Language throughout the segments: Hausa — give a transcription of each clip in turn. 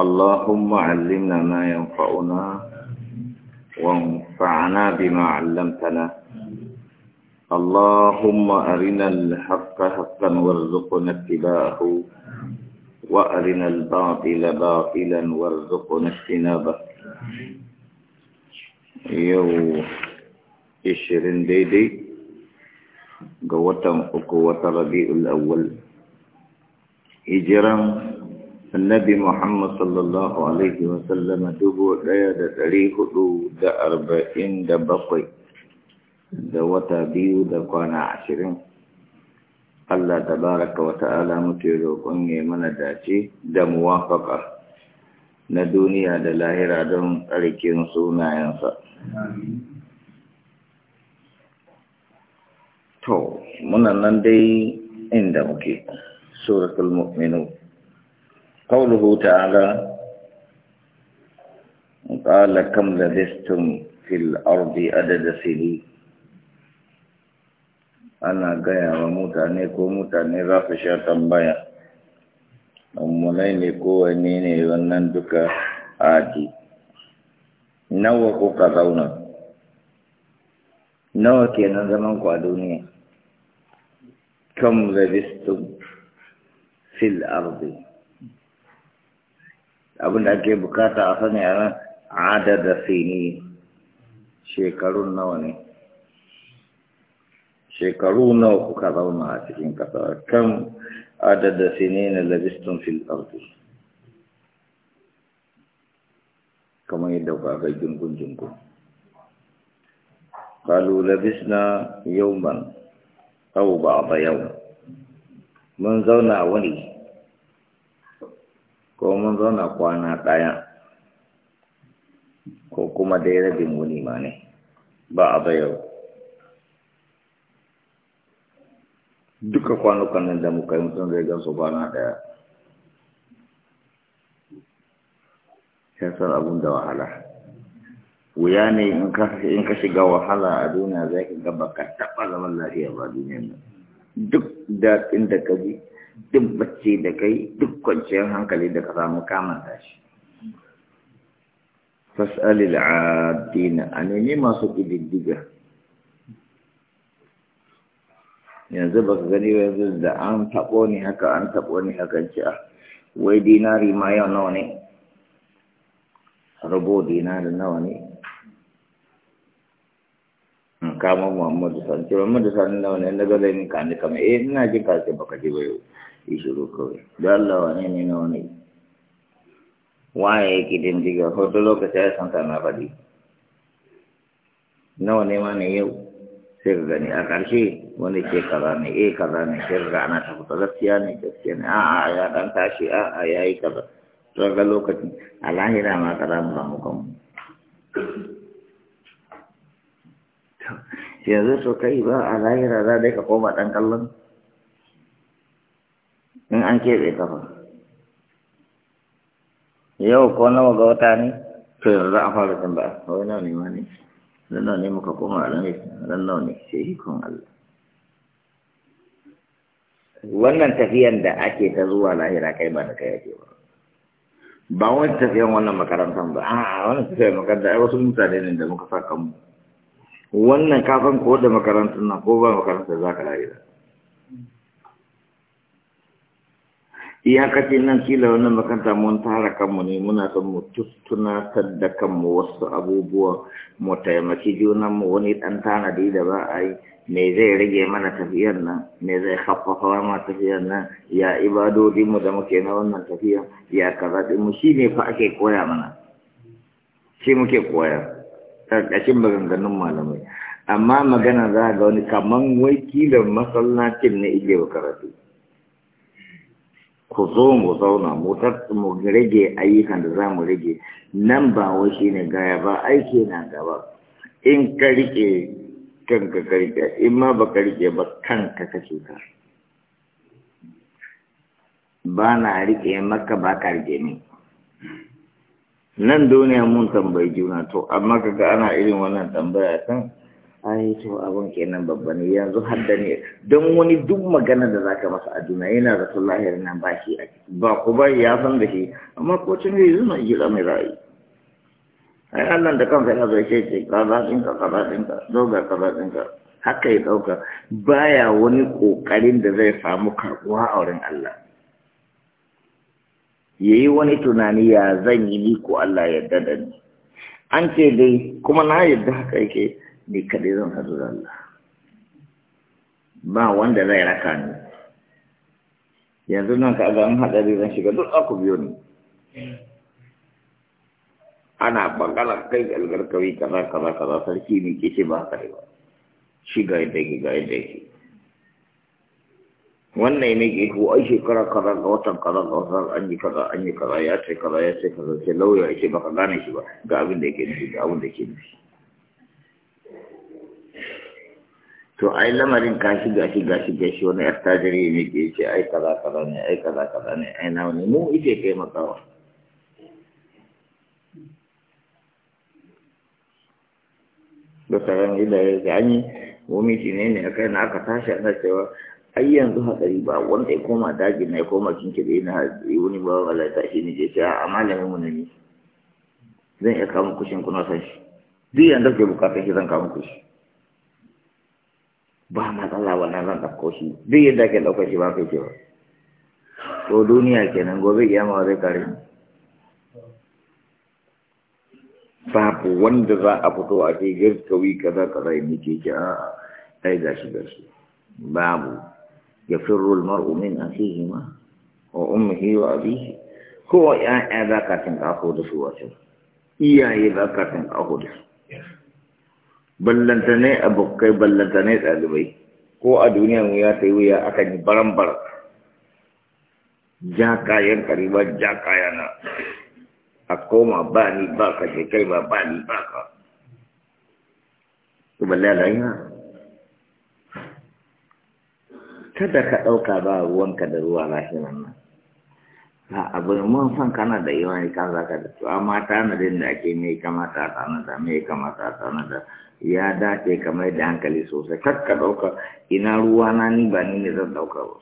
اللهم علمنا ما ينفعنا وانفعنا بما علمتنا اللهم أرنا الحق حقا وارزقنا اتباعه وأرنا الباطل باطلا وارزقنا اجتنابه يو إشرين ديدي قوة أكوة ربيع الأول إجرام annabi Muhammad sallallahu Alaihi wasallam dubu ɗaya da dari hudu da arba'in da bakwai da wata biyu da kwana ashirin. Allah ta baraka wa ta'ala mutu roƙon ya mana dace da muwafaka na duniya da lahira don tsarkin sunayensa. To, muna nan dai inda muke, suratul قوله تعالى قال كم لبستم في الأرض أدد سيدي أنا قايا وموتاني كو موتاني رافشة تنبايا أموليني كو ونيني ونندك آدي نوكو قضونا نوكي نظمان قوى كم لبستم في الأرض abin da ake bukata a sani a nan adada sini shekarun nawa ne shekaru nawa kuka zauna a cikin kasa kan adada sini na labistun fil ardi kamar yadda gungun jingun jingun yau man يوما ba a bayan mun zauna wani. ko mun zauna kwana daya ko kuma dai rabin muni ma ne ba a bayar duka kwanukan nan da muka yi mutum zai gan ba na ɗaya shasar abun da wahala wuya ne in ka shiga wahala a duniya zai ka gaba ka taɓa zaman lafiya ba duniya? duk daɗin da ka bi. duk bacci da kai duk kwanciyar hankali da ka samu kamanta shi fas'alil adina a masu ƙididdiga yanzu ba ka gani yanzu da an taɓo ni haka an taɓo ni haka ce a ah, wai dinari ma yau nawa ne rubo dinari nawa ne kama muhammadu sani ce muhammadu sani na wani daga zai min kani kama eh ina ji ka ce baka ji ba yau yi shiru kawai da allah wani ne na wani waye yake din diga hoto lokaci ya san kana faɗi Na ne ma ne yau sai ka gani a ƙarshe wani ke kaza ne eh kaza ne sai ka ana ta fita gaskiya ne gaskiya ne a'a ya dan tashi a'a ya yi kaza to ga lokacin a lahira ma kaza mu samu kanmu yanzu so kai ba a lahira za dai ka koma ɗan kallon in an keɓe kafa yau ko nawa ga wata ne to yanzu an fara tambaya wai nawa ne ma ne dan nawa ne muka koma a lamis dan nawa ne sai ikon Allah wannan tafiyan da ake ta zuwa lahira kai ba da kai ake ba ba wani tafiyan wannan makarantar ba a wani tafiyan makarantar ai wasu mutane ne da muka sa kanmu wannan kafin ko da makarantar nan ko ba makarantar za ka rayuwa iyakacin nan kila wannan makaranta mun tara kanmu ne muna son mu tunatar da kanmu wasu abubuwa mu taimaki junanmu wani ɗan tanadi da ba a yi me zai rage mana tafiyar nan me zai haffafa mana tafiyar nan ya ibadodinmu da muke na wannan tafiya? ya kaza mu shi ne fa ake koya mana shi muke koya ƙarƙashin maganganun malamai amma magana za ga wani kaman wakilin masallacin na igewa karatu ku zo mu zauna mu rage ayyukan da za mu rage nan ba wai shi ne gaya ba aiki na gaba in ka rike kanka ka rike in ma ba ka rike ba kanka ka cuta ba na rike maka ba ka rike min nan duniya mun tambayi juna to amma kaga ana irin wannan tambaya kan ai to abun kenan babba ne yanzu hadda ne don wani duk magana da zaka masa a duniya yana da lahiyar nan ba shi ba ku ba ya san da shi amma ko tun ne yanzu ji jira mai rai ai Allah da kansa ya zo ce ka kaza din ka ba din ka doga ga ba din ka haka ya dauka baya wani kokarin da zai samu karbuwa a wurin Allah yayi wani tunani ya zan yi ni ko Allah yarda da ni an ce dai kuma na yarda haka yake ni kadai zan hadu da Allah ba wanda zai raka ni yanzu nan ka ga an dai zan shiga duk aku biyo ni ana bangala kai algarkawi kaza kaza kaza sarki ne ke ce ba kai ba shi ga yadda ga yadda ke. wannan ne ke ko ai shekara kaza ga watan kaza ga watan an yi kaza an yi kaza ya ce kaza ya ce kaza sai lauya ce baka gane shi ba ga abin da yake nufi ga abin da yake nufi to ai lamarin kashi gashi gashi gashi wani yar tajiri ne ke ce ai kaza kaza ne ai kaza kaza ne ai nawa ne mu ike makawa? da tsaron idan ya ce an yi wani ne ne a kai na aka tashi ana cewa ai yanzu hatsari ba wanda ya koma daji na ya koma kinke da yana hatsari wani ba wala ta shi ne je ce a malamin mu ne zan iya kama kushin kuna san shi duk yanda ke bukatar shi zan kama kushi ba matsala wannan zan ɗauko shi duk yadda ke ɗauko shi ba kai ce ba to duniya kenan gobe Iyama zai kare babu wanda za a fito a ce girkawi kaza kaza ya nike ki a ai gashi gashi babu يفر المرء من أخيهما وأمه وأبيه هو يا أباك تنك أخوض سواته يا أباك تنك أخوض بلن تنه أبوك بلن تنه أدوي هو أدوني ويا تيويا أكاد برمبر جاكا ين قريبا جاكا ينا أكو ما باني باكا شكي ما باني باكا تبلي علينا kada ka ɗauka ba ruwanka da ruwa lahiran nan ba abin mun san kana da yawan ka za ka da su amma tanadin da ake mai kamata a tanada mai kamata a da? ya dace kamar da hankali sosai kar ka ɗauka ina ruwa na ni ba ni ne zan ɗauka ba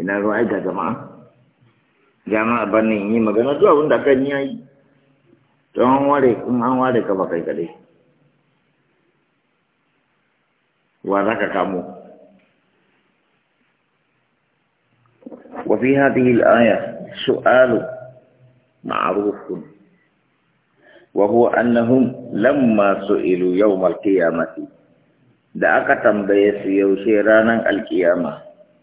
ina ruwa ai ga jama'a jama'a ba ni yi magana zuwa da aka ni ya yi to an ware in an ware ka ba kai kaɗai. wa za ka kamo وفي هذه الآية سؤال معروف وهو أنهم لما سئلوا يوم القيامة da aka tambaye su yaushe ranar alkiyama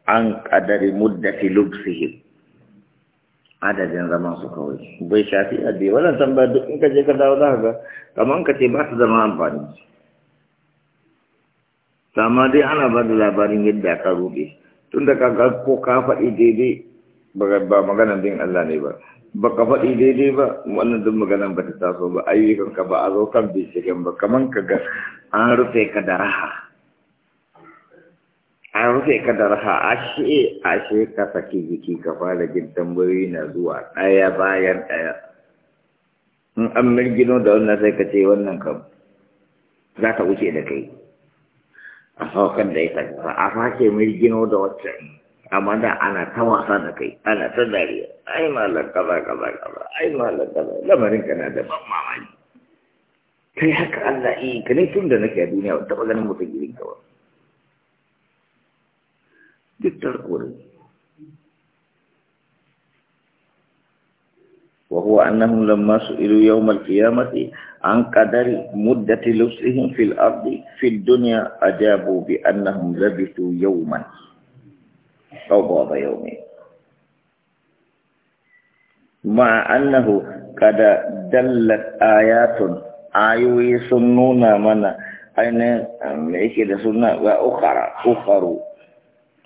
an kadari muddati lubsihim adadin zaman su kawai bai shafi addi wannan tambaya duk in ka je ka dawo za ka ga kamar ka ce ba su zama amfani amma dai ana ba da labarin yadda aka rube tun da ka ko ka faɗi daidai ba maganan din Allah ne ba ba ka faɗi daidai ba wannan duk maganan ba ta taso ba ayyukan ka ba a zo kan binciken ba kaman ka ga an rufe ka da raha an rufe ka da raha a shi ka saki jiki ka fara jin tambayoyi na zuwa ɗaya bayan ɗaya in an mirgino da wannan sai ka ce wannan kam za ta wuce da kai a haukan da ita a sake mai gino da waccan amma da ana ta wasa da kai ana ta dariya ai malar kaza kaza kaza ai malar kaza lamarin ka na da ban mamaki kai haka Allah yi ka ne tun da nake a duniya ba taɓa ganin mutum girin ka ba duk tarkuri وهو أنهم لما سئلوا يوم القيامة عن قدر مدة لبسهم في الأرض في الدنيا أجابوا بأنهم لبثوا يوما أو بعض يومين مع أنه قد دلت آيات آيوي سنونا من أين ميكد سنة وأخرى أخرى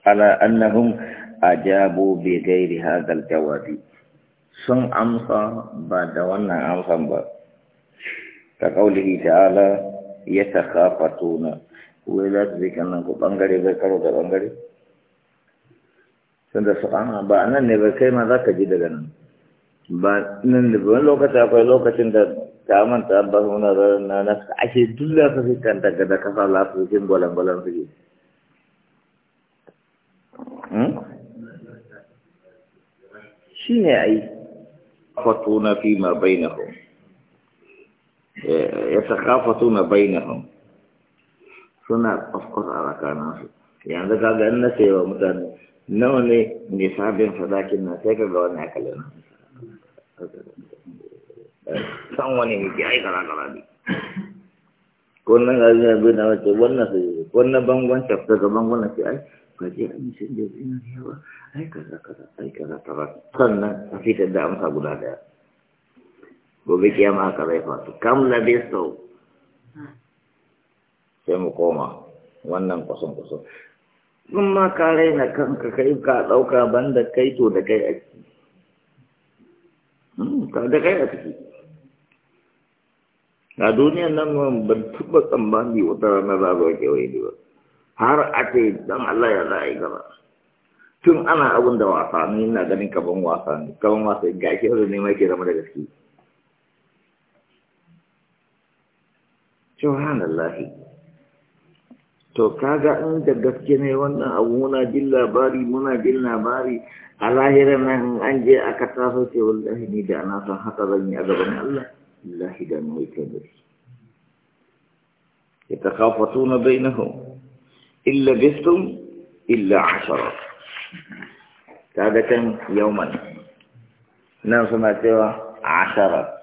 على أنهم أجابوا بغير هذا الجواب sun amsa ba da wannan amsan ba ta kaulihi ta'ala ya takhafatuna wai za su zika nan ku bangare bai karo da bangare sun da su ana ah, ba nan ne bai kai ma za ka ji daga nan ba nan ne wani lokaci akwai lokacin da ta manta ba muna zarar na nasa ake duk lafafi kan daga da kasa lafafin gwalangwalan suke hmm? shi ne a yi يتخافتون فيما بينهم يتخافتون بينهم سنة أفقط على كانه يعني ذلك هذا النساء ومثلا نوني نساء بين صداك النساء كذلك أكلنا سنواني مجي أي كلا كلا دي كنا نغازنا بنا وانا سيدي كنا بانوان شفتك بانوان شفتك kaje an ce da ina yawa ai kaza kaza ai kaza kaza sannan a fitar da amsa guda daya gobe kiyama haka zai fasu kam na sau sai mu koma wannan kusan kusan in ma ka raina kanka kai ka ɗauka banda kai to da kai a ciki da kai a ciki a duniyan nan ban taɓa tsammani wata rana za a zo ba har a dan Allah ya za a gaba tun ana abin da wasa ni na ganin kaban wasa ne kaban wasa ga shi yanzu ne mai ke zama da gaske subhanallahi to kaga in da gaske ne wannan abu muna jin labari muna jin labari a lahirar nan an je aka taso ce wallahi ni da na san haka zan yi a gaban Allah lahi da mai kai da shi يتخافتون بينهم إن بثتم إلا عشرة تابة يوما نعم سوى عشرة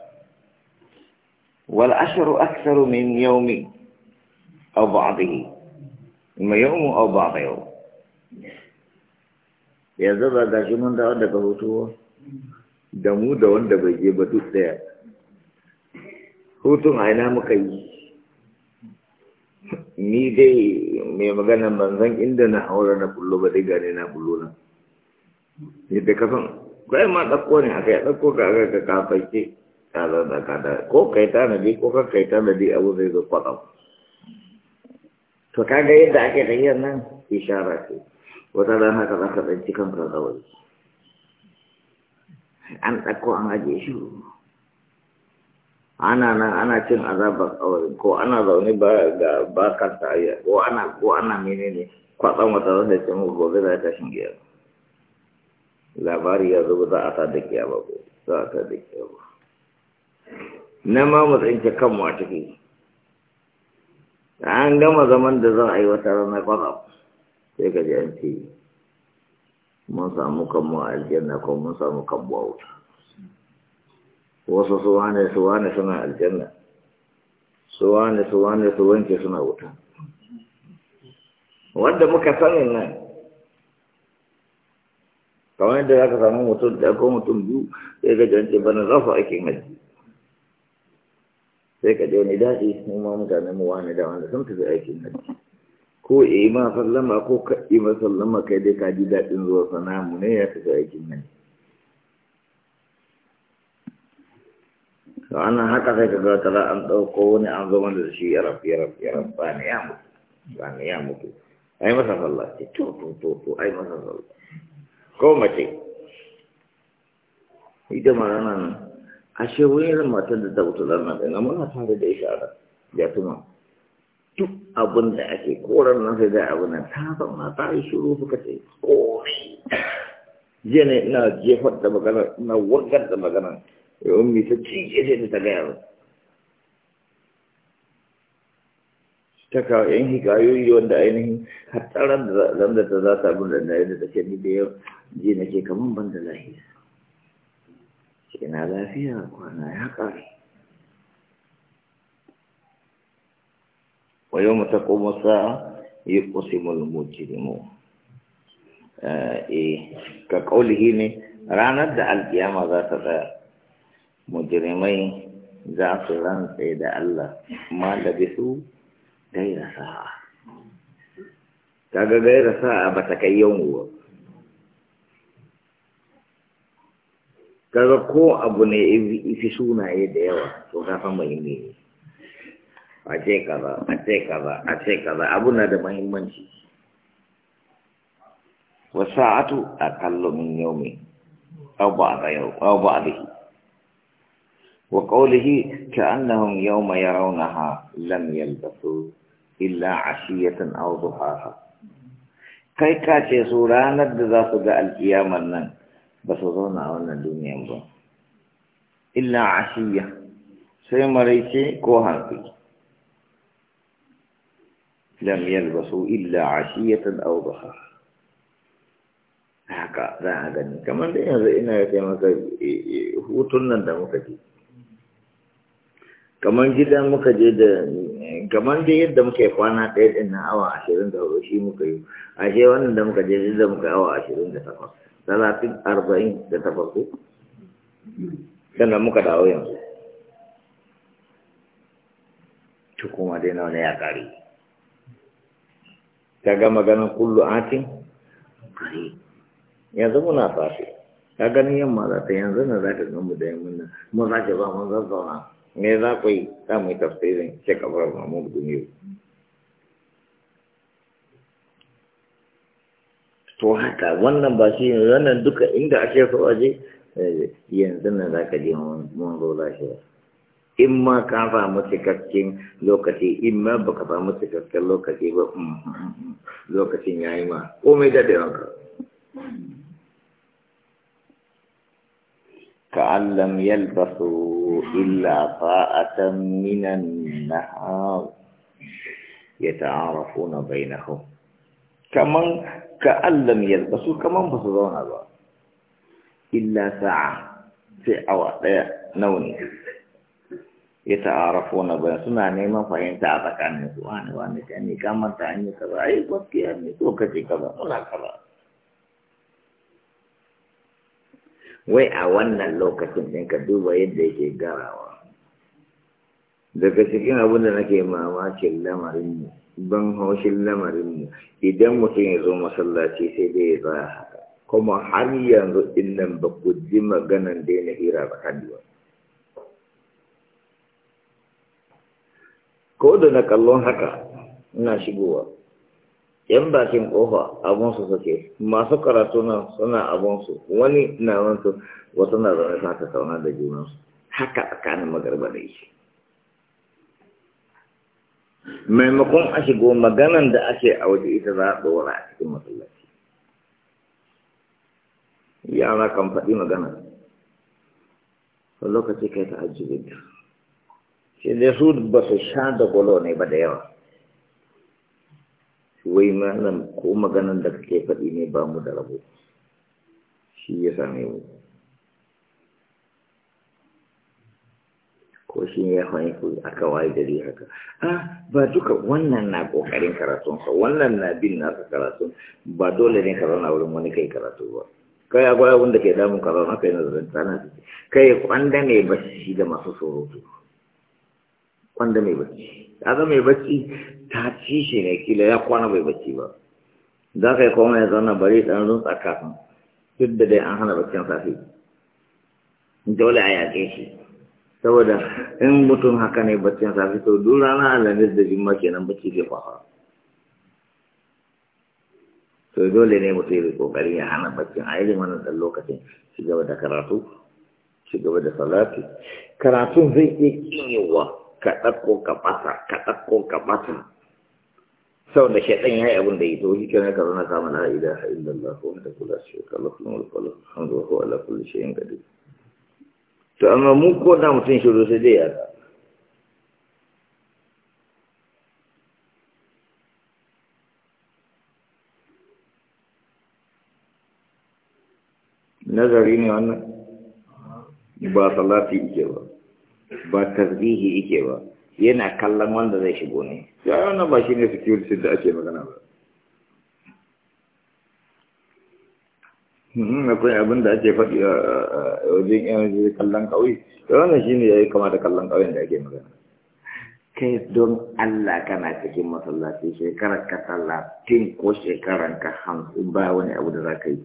والعشر أكثر من يوم أو بعضه إما يوم أو بعض يوم يا زبا دا شمان دا عندك هوتو دمو دا عندك بجيبتو سيا هوتو عينا مكيش ni dai mai magana manzan inda na haura na bullo ba dai gane na bullo na ne da kasan kai ma ɗauko ne aka yi ɗauko ka aka ka kafaice ka zan ka da ko kai ta na dai ko ka kai ta na dai abu zai zo kwaɗa to kaga yadda ake tafiyar nan ishara ce wata rana ka za ka tsanci kanka da wani an ɗauko an ajiye shi ana nan ana cin azabar kawarin ko ana zaune ba ga bakar tarayya ko ana ko ana menene kwatsan wata zai ce mu gobe za ta shingiya labari ya zuba za a ta da ba, ko za a ta da ba? na ma mu tsince kanmu a ciki an gama zaman da zan a yi wata rana kwatsam sai ka ji an ce mun samu kan mu a na kuma mun samu kanmu a wuta wasu suwane suwane suna aljanna suwane suwane su wanke suna wuta wanda muka sani nan kamar yadda za ka samu mutum da ko mutum biyu sai ka jance bana za su aikin hajji sai ka jani ni daɗi mu ma mutane mu wani da wanda sun tafi aikin hajji ko yi ma sallama ko ka ma sallama kai dai ka ji daɗin zuwa sana'a mu ne ya tafi aikin nan. ana haka sai ka ga tala an ɗauko wani an zama da shi ya rafi ya rafi ya rafi ba ne ya mutu ba ne ya mutu ai masa sallah ce to to to to ai masa sallah ko mace ita ma rana nan ashe wani irin matar da ta wuce rana ɗin amma na tare da ita a ya tuma duk abin da ake koran nan sai da abin nan ta zauna ta yi shiru suka ce komai jiya ne ina jefar da magana ina wargar da magana ya ummi ta cije sai ta gaya ba ta yan hikayoyi wanda za ta da yadda ta ji na ke kaman ban da lafiya ya eh, eh, ka kaulihi ne ranar da alƙiyama za ta tsaya mujrimai za su rantse da Allah ma da bisu gaira sa'a kaga gaira sa'a ba ta kai yawan kaga ko abu ne ifi sunaye da yawa to ka kafa muhimmi ne a ce kaza a ce kaza a ce kaza abu na da muhimmanci wasa'atu aqallu min yawmi aw ba'da yawm aw ba'dahi وقوله كأنهم يوم يرونها لم يلبثوا إلا عشية أو ضحاها kai ka ce su ranar da za su ga alkiyamar nan ba su zauna a wannan duniyan ba illa ashiya sai maraice ko hanku lam yalbasu illa ashiyatan aw dhuha haka za a gani kamar da yanzu ina ga maka hutun nan da muka ji kamar gidan muka je da kamar da yadda muka yi kwana ɗaya ɗin na awa ashirin da hudu shi muka yi ashe wannan da muka je da muka yi awa ashirin da takwas talatin arba'in da takwas ko sannan muka dawo yanzu to kuma dai nawa ne ya kare Ta ga maganar kullu atin yanzu muna fafe ta ganin yamma za ta yanzu na za ka gan mu da yamma mun za ka ba mun zazzauna me za ku yi za mu yi tafsirin shek abuwar mahmud duniyu to haka wannan ba shi ne wannan duka inda a ake so waje eh, yanzu nan za ka je mun zo lafiya in ma ka samu cikakken lokaci in ma ba ka samu cikakken lokaci ba mm, mm, mm, lokacin ya yi ma komai da da yawan كأن لم يلبثوا إلا طاعة من النهار يتعارفون بينهم كمن كأن لم يلبثوا كمن بصدون الله إلا ساعة في أوقات نوني يتعارفون بين سنة نيما فإن تعبك عني نسوان وأنك أني كمن تعني كذا أي بطي أني توكتي كذا ولا كذا wai a wannan lokacin ɗin ka duba yadda yake garawa daga cikin abin da nake mamakin lamarin lamarinmu ban haushin lamarin mu, idan mutum ya zo masallaci sai dai ya tsaya haka kuma har yanzu innan nan ba ku ji maganan daina hira tsakani ba ko da na kallon haka ina shigowa yan bakin kofa su suke masu karatu nan suna su, wani na wanto wasu na zaune sa ka sauna da junansu haka tsakanin magarba da shi maimakon a shigo maganan da ake a waje ita za a ɗora a cikin masallaci Yana kan faɗi magana lokaci kai ta ajiyar shi da su ba su sha da gwalo ne ba da yawa wai malam ko maganan da kake faɗi ne ba mu da rabo shi ya same mu ko shi ya hanyar ku aka waye gari haka ah ba duka wannan na ƙoƙarin karatunsa wannan na bin nasa karatun ba dole ne ka zauna wurin wani kai karatu ba kai a gwaya wanda ke damun ka zauna kai nazarin tana kai kwanda ne ba shi da masu surutu wanda mai bacci kaga mai bacci ta ci shi ne kila ya kwana mai bacci ba za ka yi kwana ya zauna bari ɗan runtsa kafin duk da dai an hana baccin safe dole a yaƙe shi saboda in mutum haka ne baccin safe to duk rana alamis da jimma kenan bacci ke kwafa to dole ne mutum ya kokari ya hana baccin a irin wannan ɗan lokacin ci gaba da karatu ci gaba da salatu karatun zai iya ƙin yawa ka ɗauko ka ɓata, ka ɗauko ka ɓata. sau da shaɗan ya yi abin da ya to shi kenan ka zana kama na ila ha illa Allah ko wanda kula shi ka lafi mulkul hamdu ko ala kulli yin qadir to amma mu ko da mutum shiru sai zai ya nazari ne wannan ba salati ike ba ba tasbihi yake ba yana kallon wanda zai shigo ne ya yi wannan ba shi ne security da ake magana ba hmm, akwai abin da ake faɗi a wajen yanzu kallon ƙauye Ya wannan shi ne ya yi kama da kallon ƙauyen da ake magana kai don Allah kana cikin masallaci shekarar ka tallafin ko shekarar ka hamsin ba wani abu da za ka yi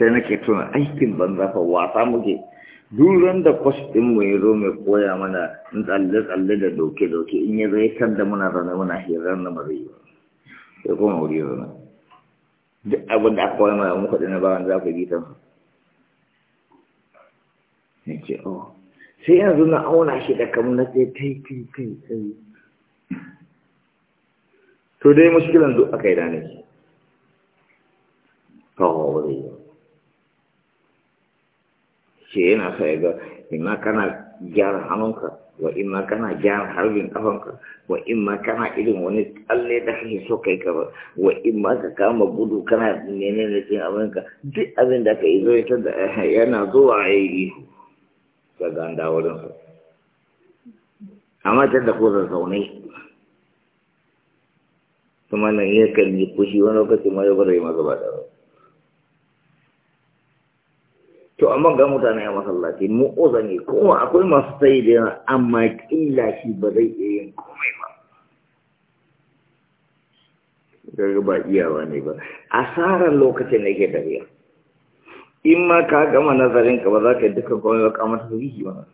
sai nake tuna aikin banza fa wasa muke duran da kwas ɗin mu ya zo mai koya mana tsalle-tsalle da doke-doke in ya zai kan da muna zaune muna hirar na marayi ba sai kuma wuri zaune duk abin da aka koya mana muka ɗina bawan za ku bi ta ne ce o oh. sai yanzu na auna shi da kamar na sai kai kai kai kai to dai mushkilan duk aka yi da ne kawo wuri ce yana sa ya ga ina kana gyara hannunka wa ina kana gyara harbin kafanka wa ina kana irin wani tsalle da kake so kai ka ba wa ina ka kama gudu kana nene da cin abinka duk abin da ka yi zo ita da eh, yana zuwa a yi ihu ka ga ganda wurin su amma ta da ko zazzaune kuma nan iya kalli kushi wani lokaci ma ya bada yi maza ba da ba to amma ga mutane a masallaci mu uzani kuma akwai masu sai da yawa amma killa shi ba zai iya yin komai ba daga ba iyawa ne ba asarar lokacin da ke tafiya in ma ka gama nazarin ka ba za ka yi dukkan komai ba kamar su rihi ba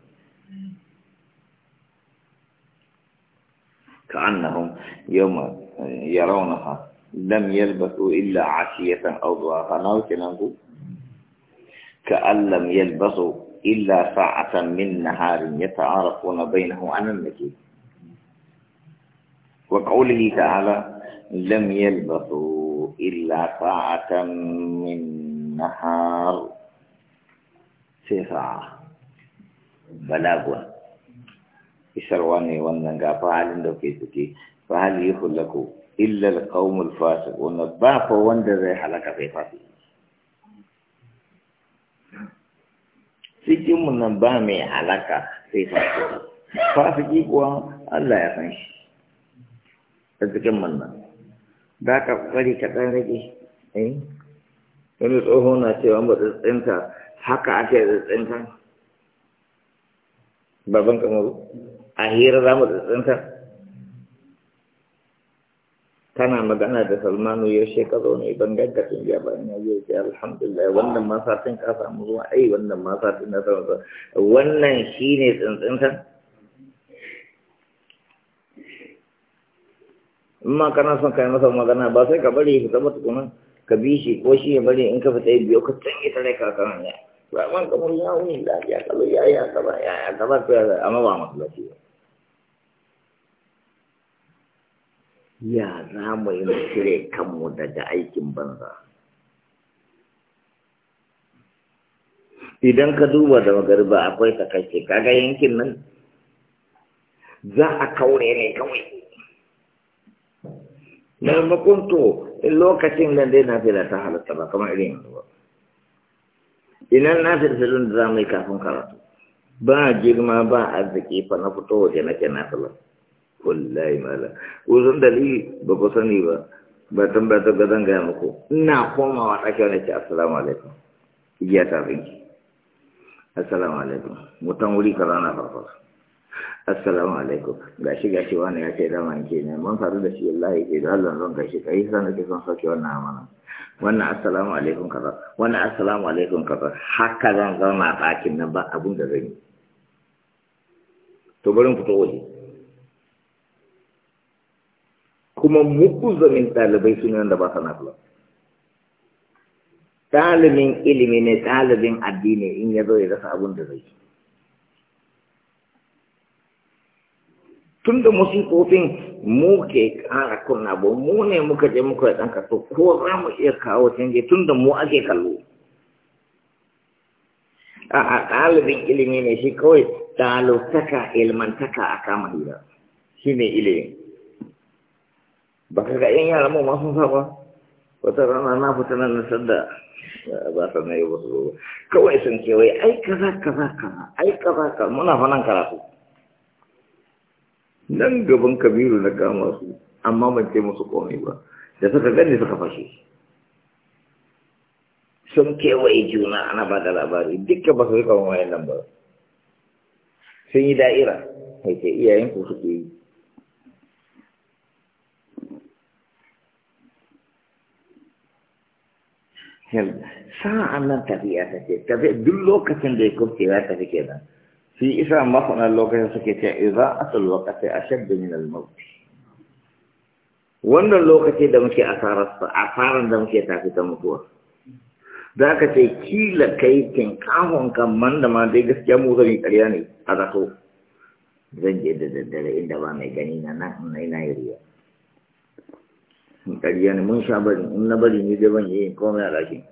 ka annahum yawma eh, yarawnaha lam yalbasu illa ashiyatan aw duha na wuce nan ku كأن لم يلبثوا إلا ساعة من نهار يتعارفون بينه عن النكير وقوله تعالى لم يلبثوا إلا ساعة من نهار ساعة بلاغوا إسرواني وننقى فهل دوكي تكي فهل يخلقوا إلا القوم الفاسق ونباق وندر حلقة في فاسق cikin mu ba mai halaka sai fasiki fasiki kuwa Allah ya san shi a cikin mu nan da ka kokari ka dan rage eh wani tsoho na cewa ba tsintsinta haka ake tsintsinta baban kamaru a hira za mu tsintsinta kana magana da salmanu yaushe ka zo ne ban ganka tun jiya ba ina yi ce alhamdulillah wannan ma satin ka samu zuwa ai wannan ma satin na samu wannan shine tsintsinta in ma kana son kai masa magana ba sai ka bari ka zama ba tukuna ka bi shi ko shi ya bari in ka fita ya biyu ka can ta rai kan ya ba man kamar yawon lafiya kalu ya ya gaba ya ya gaba amma ba masu lafiya ya za mu yi cire kanmu daga aikin banza idan ka duba da magariba akwai takashe kaga yankin nan za a kaure ne kawai maimakon to lokacin nan dai na da ta halatta ba kamar irin yanzu ba idan na filfilin da za mu yi kafin karatu ba girma ba arziki fa na fito waje nake na filin wallahi mala kusan dalili ba ku sani ba ba tambata ga zan gaya muku ina komawa ɗaki wani ce assalamu alaikum iya ta rinki assalamu alaikum mutan wuri ka rana farko assalamu alaikum gashi gashi wani ya ce dama in ke ne mun faru da shi wallahi ke eh, da Allah zan gashi kai san nake son sauke wannan amana wannan assalamu alaikum kaza wannan assalamu alaikum kaza haka zan zauna a ɗakin nan ba abun da zan yi to bari mu fito waje kuma mu'uzamin ɗalibai su ne wanda ba ɗalibin ilimi ne ɗalibin addini in ya zo ya rasa abin da zai tun da musikofin mu ke ƙara kunna ba mu ne muka je muka ɗan kaso ko za mu iya kawo canje tun da mu ake kallo a ɗalibin ilimi ne shi kawai ɗalibtaka ilmantaka a kama hira shi ne ilimi. baka ga yan yara mu masu saba wata rana na fita nan na sadda ba ta na yi wasu zuwa kawai sun kewaye ai kaza kaza kaza ai kaza kaza muna fa karatu nan gaban kabiru na kama su amma ban ce musu komai ba da suka gani suka fashe sun kewaye juna ana ba da labari dukkan ba su rika wayan nan ba sun yi da'ira sai iyayen ku suke yi sa'an nan tafiya ta ce tafiya duk lokacin da ya kubce ya tafi nan. shi isa masana lokacin suke ce a asal waqti ashadd min al maut wannan lokaci da muke asarar sa da muke tafi ta mutuwa Za ka ce kila kai kin kahon kan man da ma dai gaskiya mu zan ƙarya ne a zato zan je da daddare inda ba mai gani na na yi riya in ne mun sha bari in na bari ni dai ban yi komai a ɗaki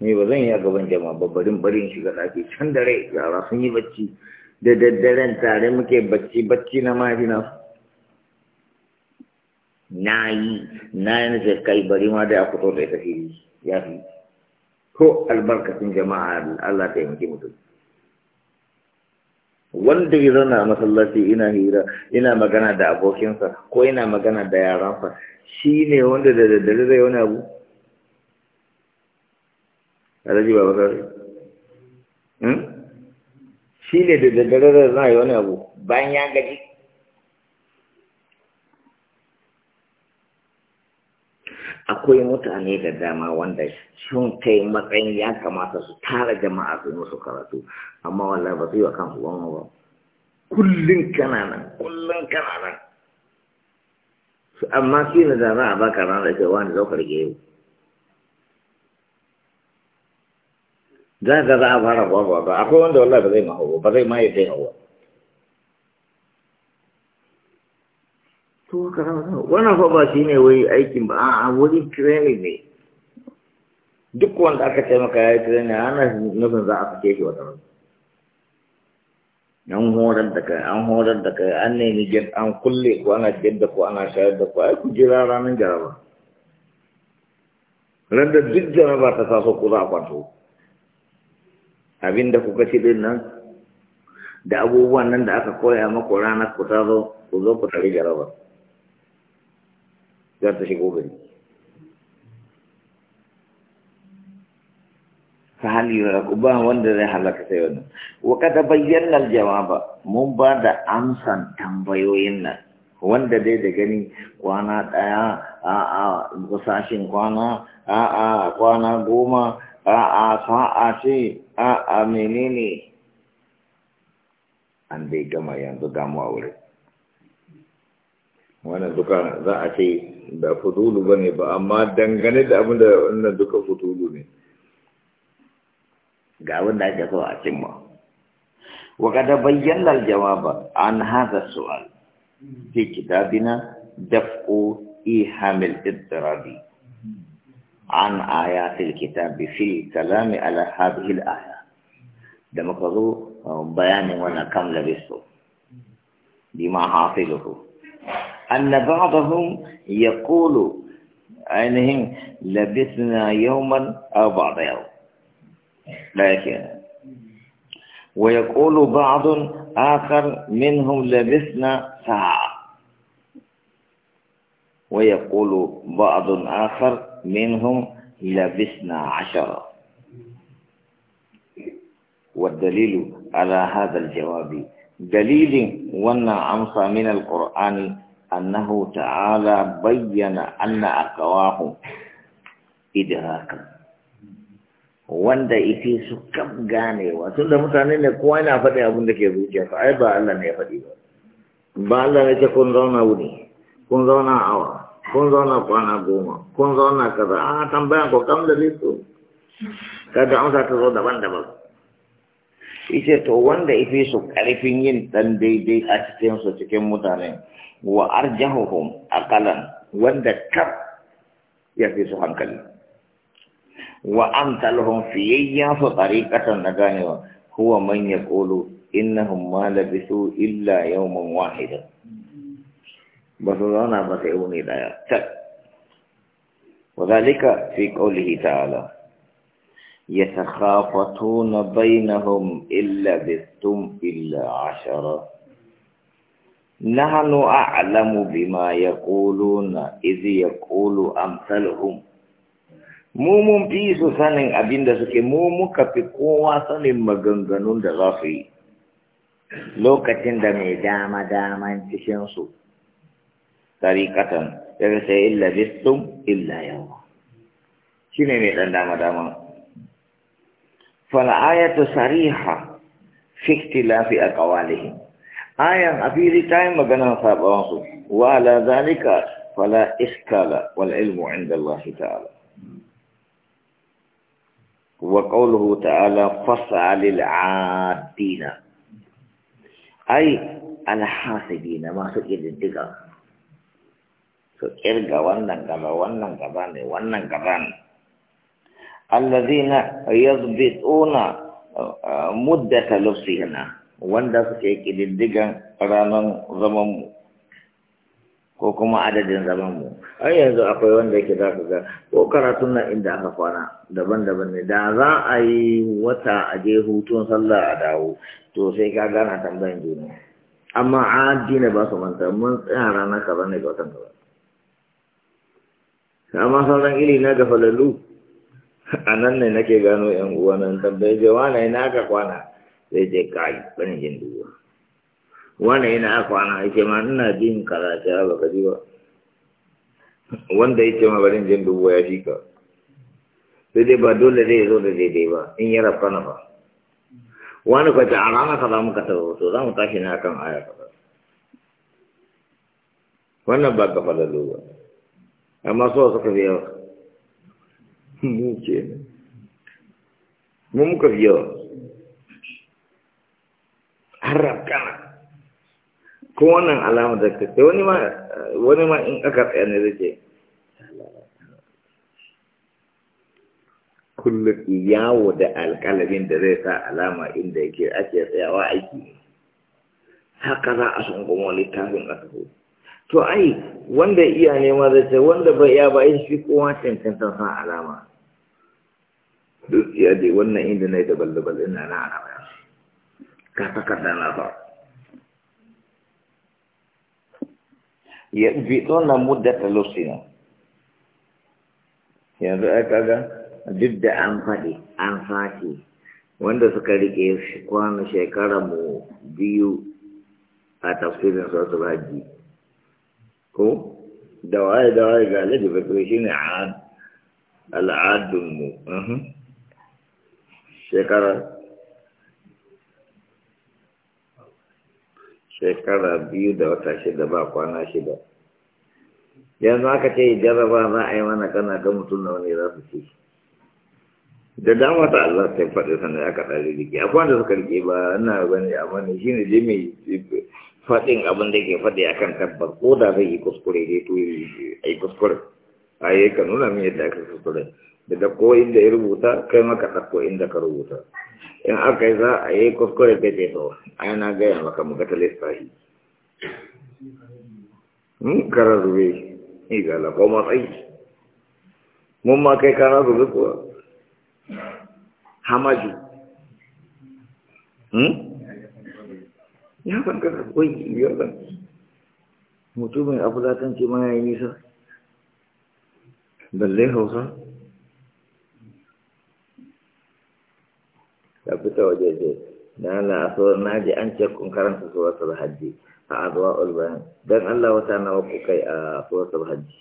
ni ba zan yi a gaban jama'a ba barin barin shiga ɗaki can dare yara sun yi bacci da daddaren tare muke bacci bacci na mahina na Na yi na yi na kai bari ma da ya fito da ita tafi ya fi ko albarkacin jama'a Allah ta yi mutum wanda ya zauna a masallaci ina hira ina magana da abokinsa ko ina magana da yaransa shi ne wanda da daddare zai wani abu alhaji ba bakar hmm? shi ne da daddare zai wani abu bayan ya gaji akwai mutane da dama wanda sun kai matsayin ya kamata su tara jama'a su musu karatu amma wallahi ba su yi wa kansu wani ba kullum kana nan kullum kana nan amma shi ne da za a baka ran da cewa ne zaukar geyu za ka za a fara ba. akwai wanda wallahi ba zai mahawa ba zai ma yi zai hawa to ka wannan fa ba shi ne wai aikin ba a wurin training ne duk wanda aka ce maka ya yi training ana nufin za a fice shi wata rana an horar da kai an horar da kai an nemi jin an kulle ko ana jin da ko ana shayar da ko ai ku jira ranar jaraba ran da duk jaraba ta taso ku za a kwanto abin da kuka ci din nan da abubuwan nan da aka koya maku ranar ku ta zo ku zo ku tari jaraba za ta shigo gari fa hali ba wanda zai halaka sai wannan wa kada bayyana jawaba mun ba da amsan tambayoyin nan wanda dai da gani kwana daya a a gusashin kwana a a kwana goma a a sa'a ce a a menene an dai gama yanzu damu a wurin wannan duka za a ce ba fudulu ba ne ba amma dangane da abin da wannan duka fudulu ne ga abin da ake so a cimma وقد بينا الجواب عن هذا السؤال في كتابنا دفع إيهام الاضطراب عن آيات الكتاب في الكلام على هذه الآية دمكرو بيان وانا كم لبسته بما حاصله أن بعضهم يقول عينهم لبثنا يوما أو بعض يوم لكن ويقول بعض آخر منهم لبثنا ساعة ويقول بعض آخر منهم لبثنا عشرة والدليل على هذا الجواب دليل وانا أمصى من القرآن أنه تعالى بين أن أقواه إدراكا wanda ife su kam ganewa tun da mutane ne kowa yana faɗi abin da ke zuciya su ai ba Allah ne ya faɗi ba ba Allah ne ce kun zauna wuni kun zauna awa kun zauna kwana goma kun zauna kaza a tambayan ko kam da listo kada amsa ta zo daban-daban ita to wanda ife su ƙarfin yin ɗan daidai a cikin su cikin mutane wa arjahuhum aqalan wa dakkar ya fi su hankali wa amsaluhum fiyayya fa tariqatan nagani huwa man yaqulu innahum ma labisu illa yawman wahidan ba su Uni ba sai wuni daya tak وذلك في قوله تعالى يتخافتون بينهم illa بثم إلا عشرة nahanu a'lamu bima yaquluna إذ yaqulu أمثلهم mu mun fi su sanin abin da suke mu muka fi kowa sanin maganganun da za su yi lokacin da mai dama daman cikinsu tarikatan daga sai illa bistum illa yawa shi ne mai ɗan dama daman ayatu sariha fi iktilafi a ƙawalihin ayam a time ta yi maganar saɓawansu wa ala zalika fala iskala wal ilmu inda Allah ta'ala wa qawluhu ta'ala fas'alil 'adina ai alhasidina masu ƙididdiga su ƙirga wannan gaba wannan gaba ne wannan gaba ne allazina yazbituna muddata lufsihina wanda suke ƙididdigan ranar zamanmu ko kuma adadin zamanmu ai yanzu akwai wanda yake za ka ga ko karatun nan inda aka kwana daban-daban ne da za a yi wata a je hutun sallah a dawo to sai ka gana tambayin juna amma addini ba su manta mun tsaya ranar kaza ne ga watan kaza amma sauran ili na gafalallu a nan ne nake gano yan uwa nan tambaye jawana na ka kwana sai ce kai bani jin duba wannan yana kwana ake ma ina jin karatu ba ka ji ba wanda yake ma bani jin duba ya fi ka sai dai ba dole zai zo da daidai ba in ya rafa ba wani kwace a rana ka za mu ka tarwato za mu tashi na kan aya kaza wannan ba ga falalo ba amma so suka fi yawa mu ce mu muka fi yawa an rafkana ko wannan alama da ka ce wani ma wani ma in aka tsaya ne zai ce kullum yawo da alƙalamin da zai sa alama inda yake ake tsayawa aiki haka za a sun kuma littafin a tafi to ai wanda iya nema zai ce wanda bai iya ba shi kowa cancanta sa alama duk iya dai wannan inda na yi daban-daban ina na alama ka takarda na ya na yanzu ai kaga duk da an faɗi an sake wanda suka rike kwanan shekara mu biyu a tafsirin sautu haji ko da waye da waye ga alaji bakare shi ne al'adunmu mhm. shekara shekara biyu da wata shida ba kwana shida yanzu aka ce jaraba za a yi mana kana ga mutum na wani za su ci da dama ta Allah ta faɗi sannan aka ɗari rike akwai wanda suka rike ba ina gani amma ne shi ne je mai faɗin abin da ke faɗi a kan tabbar ko da zai yi kuskure ne to yi kuskure a yi ka nuna min yadda aka kuskure daga ko inda ya rubuta kai maka ɗauko inda ka rubuta in aka yi za a yi kuskure kai A to gaya maka muka ta lissafi mun hmm, kara zube ni ga lako matsayi mun ma kai kara zube kuwa hamaju hmm? ya san kara zube ya san mutumin abu zatanci ma ya yi nisa balle hausa ya fita waje ce na a so na ji an ce kun karanta suratul hajji a adwa'ul bayan dan Allah wata nawa ku kai a suratul hajji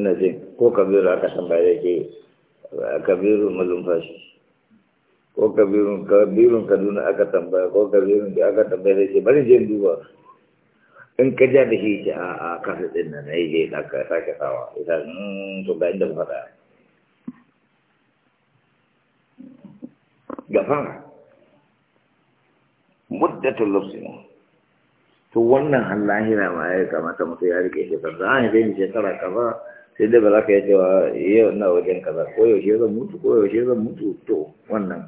ina ce ko kabiru aka tambaye ke kabiru malumfashi ko kabirun kabirun kaduna aka tambaya ko kabirun da aka tambaya da ke bari je duba in ka ja da shi ce a kasa ɗin nan na yi je ka sake sawa ita hmm, to ga inda kuka ga fara muddatul lufsina to wannan hira ma ya kamata mutum ya rike shi da an yi shekara kaza sai dai ba za ka yi cewa yau na wajen kaza ko yaushe zan mutu ko yaushe zan mutu to wannan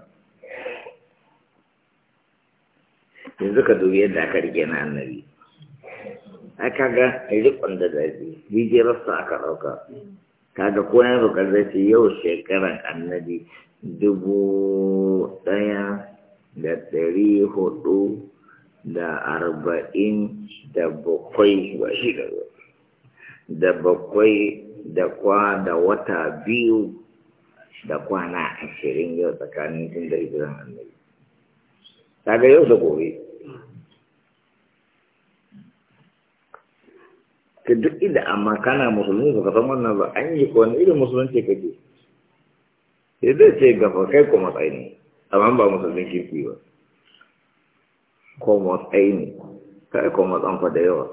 yanzu ka dubi yadda aka rike na annabi ai kaga rikon da zafi hijirarsa aka ɗauka kaga ko ya roƙar zafi yau shekaran annabi dubu ɗaya da ɗari hudu da arba'in da bakwai ba shi da bakwai da kwa da wata biyu da kwana ashirin yau tsakanin tun da hijiran annabi kaga yau da gobe ka duk inda amma kana musulmi ba ka san wannan ba an yi wani irin musulunci ke. sai zai ce gaba kai ko matsayi ne amma ba musulmin kirki ba ko matsayi ne kai ko matsan fa da yawa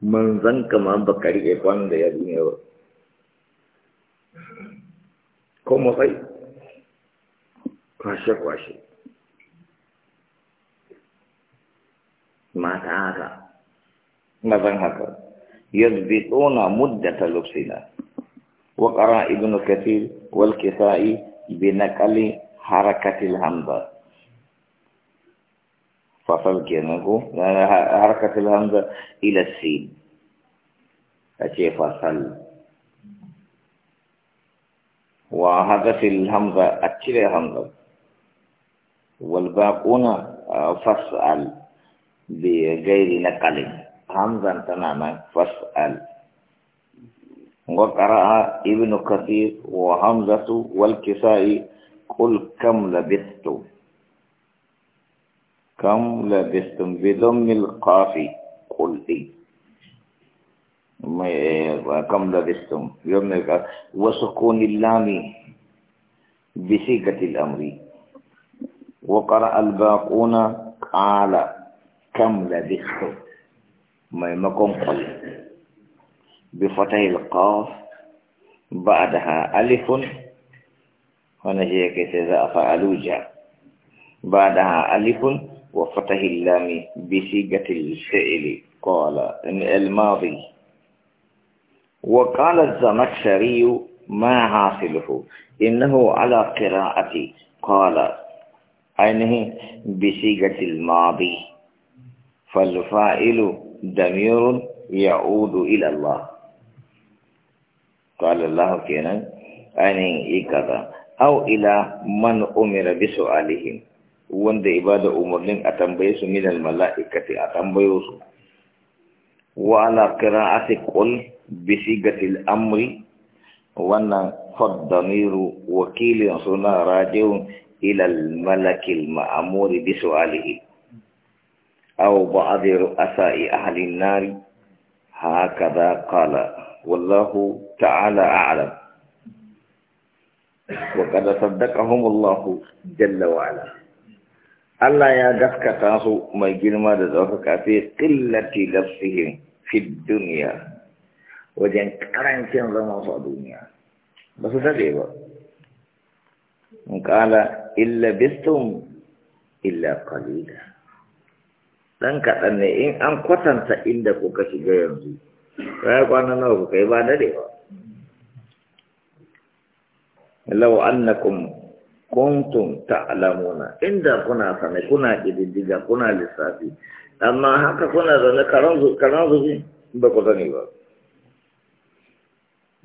manzan kama ba ka riƙe kwanan da ya duniya ba ko matsayi kwashe-kwashe mata haka مثلا هكذا يضبطون مدة لبسنا وقرأ ابن كثير والكسائي بنقل حركة الهمزة فصل كأنه حركة الهمزة إلى السين أشي فصل وهدف الهمزة أتشري همزة والباقون فصل بغير نقل همزا تماما فاسأل وقرأ ابن كثير وهمزة والكسائي قل كم لبثتم كم لبثتم بضم القاف قل لي إيه. إيه، كم لبثتم يوم وسكون اللام بصيغة الأمر وقرأ الباقون قال كم لبثتم maimakon kwal bifatahil qaf ba'daha alifun wannan shi yake sai za a fa'aluja ba'daha alifun wa fatahil lami bi sigatil fi'li qala in al-madi wa qala az-zamakhshari ma hasiluhu innahu ala qira'ati qala ainihi bi sigatil madi فالفائل damirun ya'udu ila Allah qala Allah kenan ani ikada aw ila man umira bi su'alihim wanda ibada umurlin a tambaye su minal mala'ikati a tambayo su wa ala qira'ati qul bi al amri wannan faddamiru wakilin suna rajiun ila al malakil ma'amuri bi su'alihi أو بعض رؤساء أهل النار هكذا قال والله تعالى أعلم وقد صدقهم الله جل وعلا الله يا دفك تاسو ما ما دفك في قلة لفسهم في الدنيا وجن كرنشن زمان في الدنيا بس ده ليه قال إلا بستم إلا قليلا ɗan kaɗan ne in an kwatanta inda kuka shiga yanzu ya kwana nawa kuka yi ba dare ba lau annakum kuntum ta'lamuna inda kuna sane kuna kididdiga kuna lissafi amma haka kuna zaune karan zubi ba ku sani ba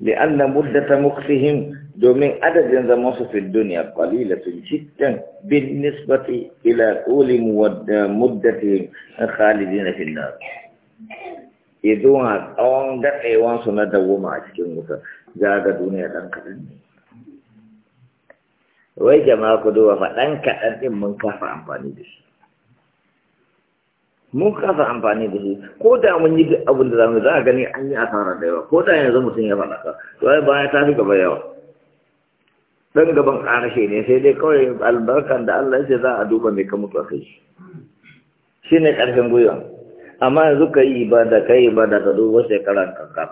لأن مدة مخفهم دومين عدد زمانه في الدنيا قليلة جدا بالنسبة إلى طول مدتهم خالدين في النار يدوها أون دقي وان سنة دوما عشكين موسى زاد دنيا تنكتن وي جماعة قدوة فلن كتن من كفى أمباني بشي mun kasa amfani da shi ko da mun yi abin da za za a gani an yi asara da yawa ko da yanzu mutum ya faɗa ka to ai baya ta fi gaba yawa dan gaban karshe ne sai dai kawai albarkan da Allah ya za a duba mai ka mutu a kai shi ne ƙarfin gwiwa amma yanzu ka yi ibada ka yi ibada da duba shekaran ka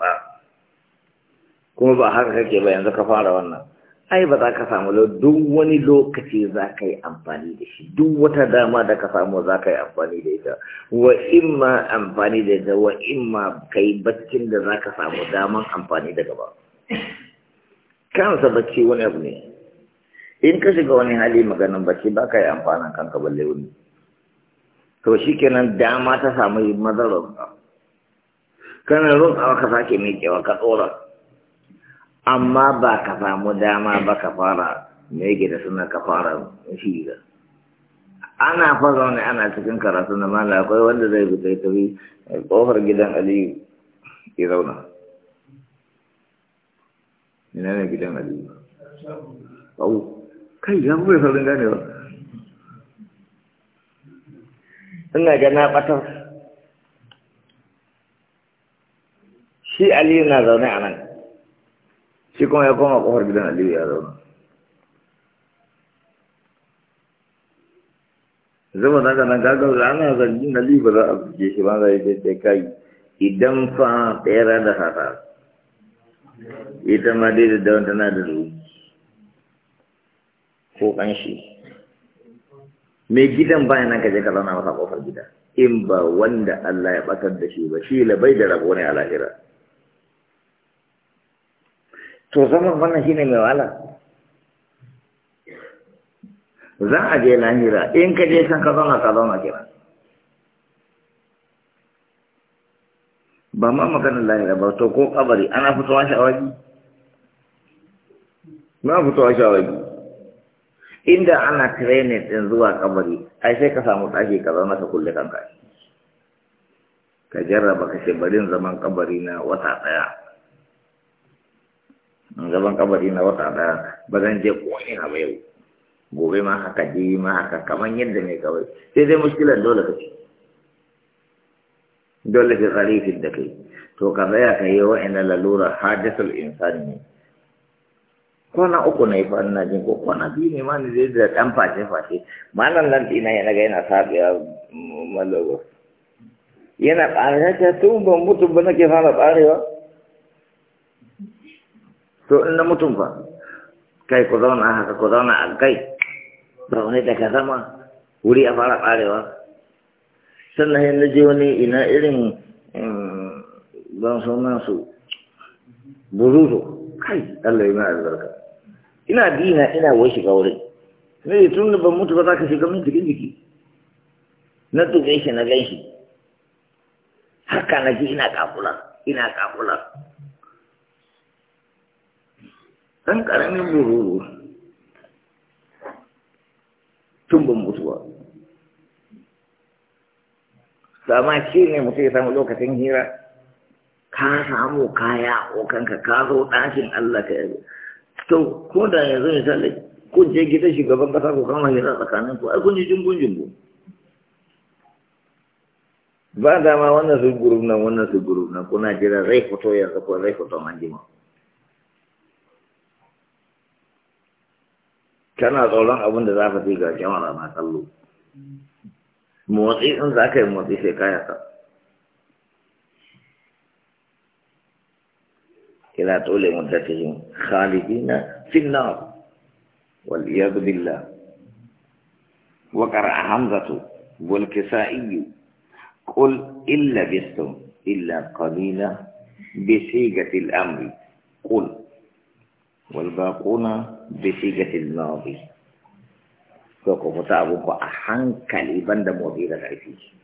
kuma ba haka kake ba yanzu ka fara wannan ai ba za ka samu duk wani lokaci za ka yi amfani da shi duk wata dama da ka samu za ka yi amfani da ita wa imma amfani da ita wa imma ka yi baccin da za ka samu daman amfani da gaba kansa bacci wani abu ne in ka shiga wani hali maganin bacci ba ka yi amfanin kanka balle wani to shi kenan dama ta samu mazarar kana rotsawa ka sake miƙewa ka tsoron amma ba ka samu dama ba ka fara me yake da suna ka fara shi ana fa zaune ana cikin karatu na mala akwai wanda zai fita ya tafi kofar gidan aliyu ya zauna ina ne gidan aliyu au kai ya buɗe saurin ganewa ina ga na ɓatar shi aliyu na zaune a nan shi kuma ya koma kofar gidan aliyu ya zauna zama daga nan gagar ana zargin aliyu ba za a buge shi ba za a yi kai idan fa tsera da hata ita ma dai da dawan tana da zuwa ko kanshi mai gidan bayan nan ka je ka zauna masa kofar gida in ba wanda Allah ya ɓatar da shi ba shi labai da rabo ne a lahira to zaman wannan shine mai wahala za a je lahira in ka je san ka zauna ka zauna kira ba ma maganin lahira ba to ko kabari ana fitowa shawagi na fitowa shawagi inda ana training din zuwa kabari ai sai ka samu tsaki ka zauna ka kulle kanka ka jarraba ka ce barin zaman kabari na wata daya zaman kabari na wata ɗaya ba zan je ko ina ba yau gobe ma haka ji ma haka kamar yadda ne kawai sai dai muskilar dole ka ci dole ka tsarifin da kai to ka tsaya ka yi wa'ina lalura hajjatul insani ne kwana uku na yi fa jin ko kwana biyu ne ma ni zai da ɗan face face malam nan dina yana ga yana sabiya malawa yana ɓarewa ta tun ban mutu ba nake fara ɓarewa to in na mutum fa kai ku zauna haka ku zauna a kai ba wani daga zama wuri a fara ƙarewa. sannan yin na je wani ina irin ban suna su buruto kai Allah ya mai albarka ina dina ina wai shiga wurin ne tun da ban mutu ba za ka shiga min cikin jiki na duka shi na gan shi haka na ji ina kakula ina kakula ɗan ƙaramin bururu tun ban mutuwa sama shi ne mutum ya samu lokacin hira ka samu kaya o kanka ka zo ɗakin Allah ka yabo to ko da yanzu misali kun je gidan shugaban kasa ko kama hira tsakanin ku ai kun ji jumbun jumbu ba dama wannan su gurub nan wannan su gurub nan kuna jira zai fito yanzu ko zai fito an jima kana tsoron abin da za ka fi ga jama'a na kallo motsi in za ka yi motsi sai kaya ka ila tole muddatihim khalidina fin nar wal iyad billah wa qara hamzatu wal kisai qul illa bistum illa qalila bi sigati al amri qul والباقون بصيغة الماضي فوق فتابوك أحنك لبند مدير العفيش